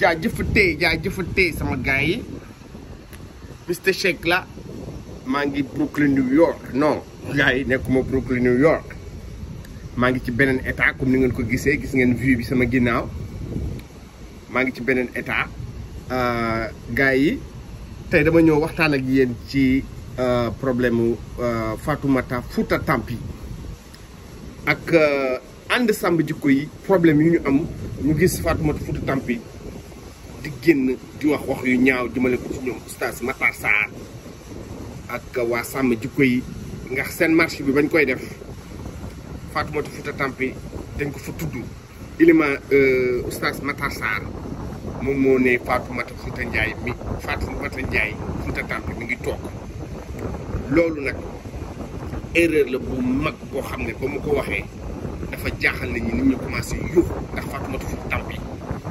jaa jaajëfatee jaajëfatee sama gars yi Mister Shake la maa ngi Brooklyn New York no gars yi nekkuma Brooklyn New York maa ngi ci beneen état comme ni ngeen ko gisee gis ngeen vue bi sama ginnaaw maa ngi ci beneen état euh, gars yi tey dama ñëw waxtaan ak yéen ci euh, problème mu euh, Fatoumata Fouta yi ak ànd sàmm jikko yi problème yu ñu am ñu gis Fatoumata Fouta Tampi di génn di wax wax yu ñaaw jëmale ko ci ñoom oustaz Matar Sarr ak waa sàmm jikko yi nga seen marché bi bañ koy def Fatoumata futa Tampi dañ ko fa tudd ilima euh, oustaz Matar Sarr moom moo ne Fatoumata futa njaay mi Fatoumata njaay futa Tampi mi ngi toog loolu nag erreur la bu mag boo xam ne ba ko waxee dafa jaaxal nit ñi ñu commencé yu ndax Fatoumata futa Tampi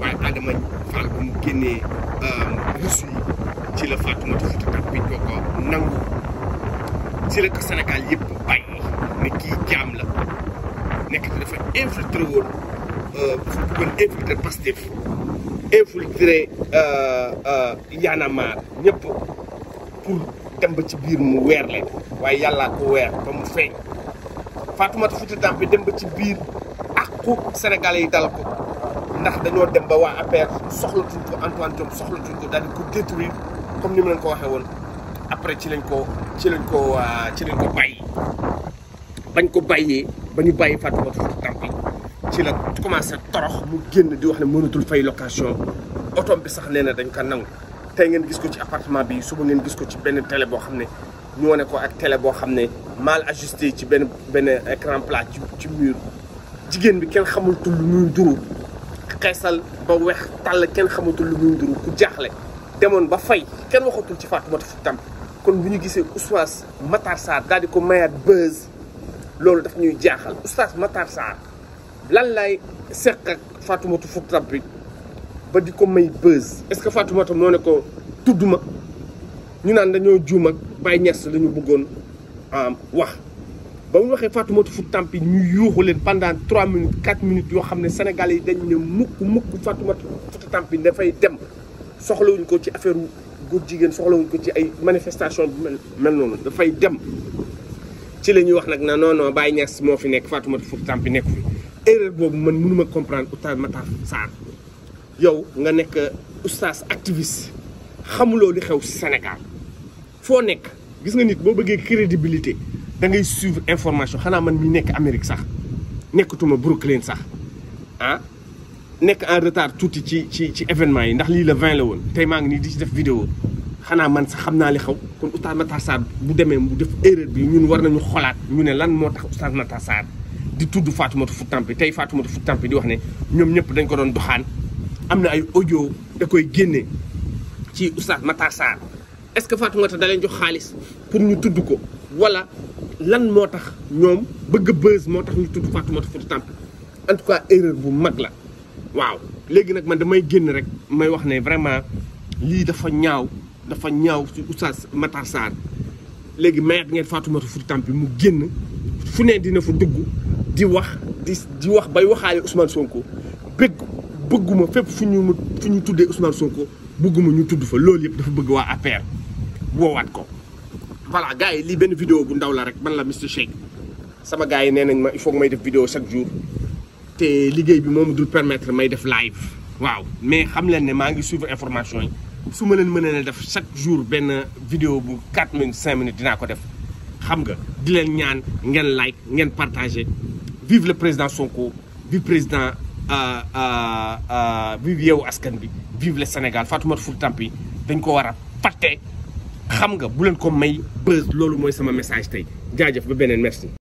waaye Adama Fall ba mu génnee euh, reçu ci la Fatoumata Fouta Tall bi ko nangu ci la ko Sénégal yëpp bàyyi ne kii jaam la nekk te dafa infiltré woon euh, kon infiltré Pastef infiltré euh, Y'en a dem ba ci biir mu weer leen waaye yàllaa ko weer ba mu feeñ Fatoumata Fouta Tall dem ba ci biir àqu Sénégalais yi dal ko ndax dañoo dem ba waa APR soxlatuñ ko Antoine Diome soxlatuñ ko daal di ko détruire comme ni ma leen ko waxee woon après ci lañ ko ci lañ ko euh, ci lañ ko bàyyi bañ ko bàyyee ba ñu bàyyi Fatoumata Fouta Tampi ci la commencé torox mu génn di wax ne mënatul fay location otom bi sax nee na dañ ko nangu tey ngeen gis ko ci appartement bi suba ngeen gis ko ci benn télé boo xam ne ñoo ne ko ak télé boo xam ne mal ajusté ci benn benn écran plat ci ci mur jigéen bi kenn xamul xeesal ba weex tàll kenn xamatul lu muy nduru ku jaaxle demoon ba fay kenn waxatul ci Fatoumata Fouta kon bu ñu gisee oustaz Matar Sarr daal di ko mayaat buzz loolu daf ñuy jaaxal oustaz Matar Sarr lan lay seq ak Fatoumata Fouta bi ba di ko may buzz est-ce que Fatoumata moo ne ko tudd ma ñu naan dañoo juum ak Baye Niass la ñu bëggoon ah, wax ba mu waxee Fatoumata Fouta Tampi ñu yuuxu leen pendant 3 minutes 4 minutes yo xam Sénégalais yi dañ ne mukk mukk Fatoumata Fouta Tampi da fay dem soxlawuñ ko ci affaire góor jigéen soxlawuñ ko ci ay manifestation mel mel da fay dem ci la wax nak na non non bay Niass mo fi nekk Fatoumata Fouta Tampi nek fi erreur bobu man mënuma comprendre Oustaz mata sar yow nga nek oustaz activiste xamulo li xew Sénégal fo nek gis nga nit bo bëggee crédibilité da ngay suivre information xana man mi nek Amérique sax de Brooklyn sax ah nek en retard touti ci ci ci événement yi ndax 20 la tay fait ngi di def vidéo xana man sax li xaw kon oustad Matar bu bu def erreur bi ñun war nañu xolaat ñu lan il tax di tuddu Fatoumata tay Fatoumata di wax ñom ñep dañ ko doon doxaan amna ay audio da koy ci oustad Matar est-ce que Fatoumata da jox pour ñu tuddu ko wala. lan moo tax ñoom bëgg bës moo tax ñu tudd Fatoumata Fouta Tampi en tout cas erreur bu mag la waaw léegi nag man damay génn rek may wax ne vraiment lii dafa ñaaw dafa ñaaw ci Oustaz Matar Sarr léegi mayat ngeen Fatoumata Fouta Tampi mu génn fu ne dina fa dugg di wax di di wax bay waxaale Ousmane Sonko bëgg bëgguma fépp fu ñu fu ñu tuddee Ousmane Sonko bëgguma ñu tudd fa loolu yëpp dafa bëgg waa APR woowaat ko voilà gars yi lii benn vidéo bu ndaw la rek man la Mister Shake sama gars yi nañ ma il faut que may def vidéo chaque jour té liguey bi moom dul permettre may def live waaw mais xam leen ne ma ngi suivre information yi suma ma mëna né def chaque jour ben vidéo bu 4 minutes 5 minutes dinaa ko def xam nga di leen ñaan ngeen like ngeen partager vive le président Sonko vive président euh, euh, euh, vive yeewu askan bi vive le Sénégal Fatoumata Fouta Tampi dañ ko wara a xam nga bu leen ko may buzz loolu mooy sama message tey jaajëf ba beneen merci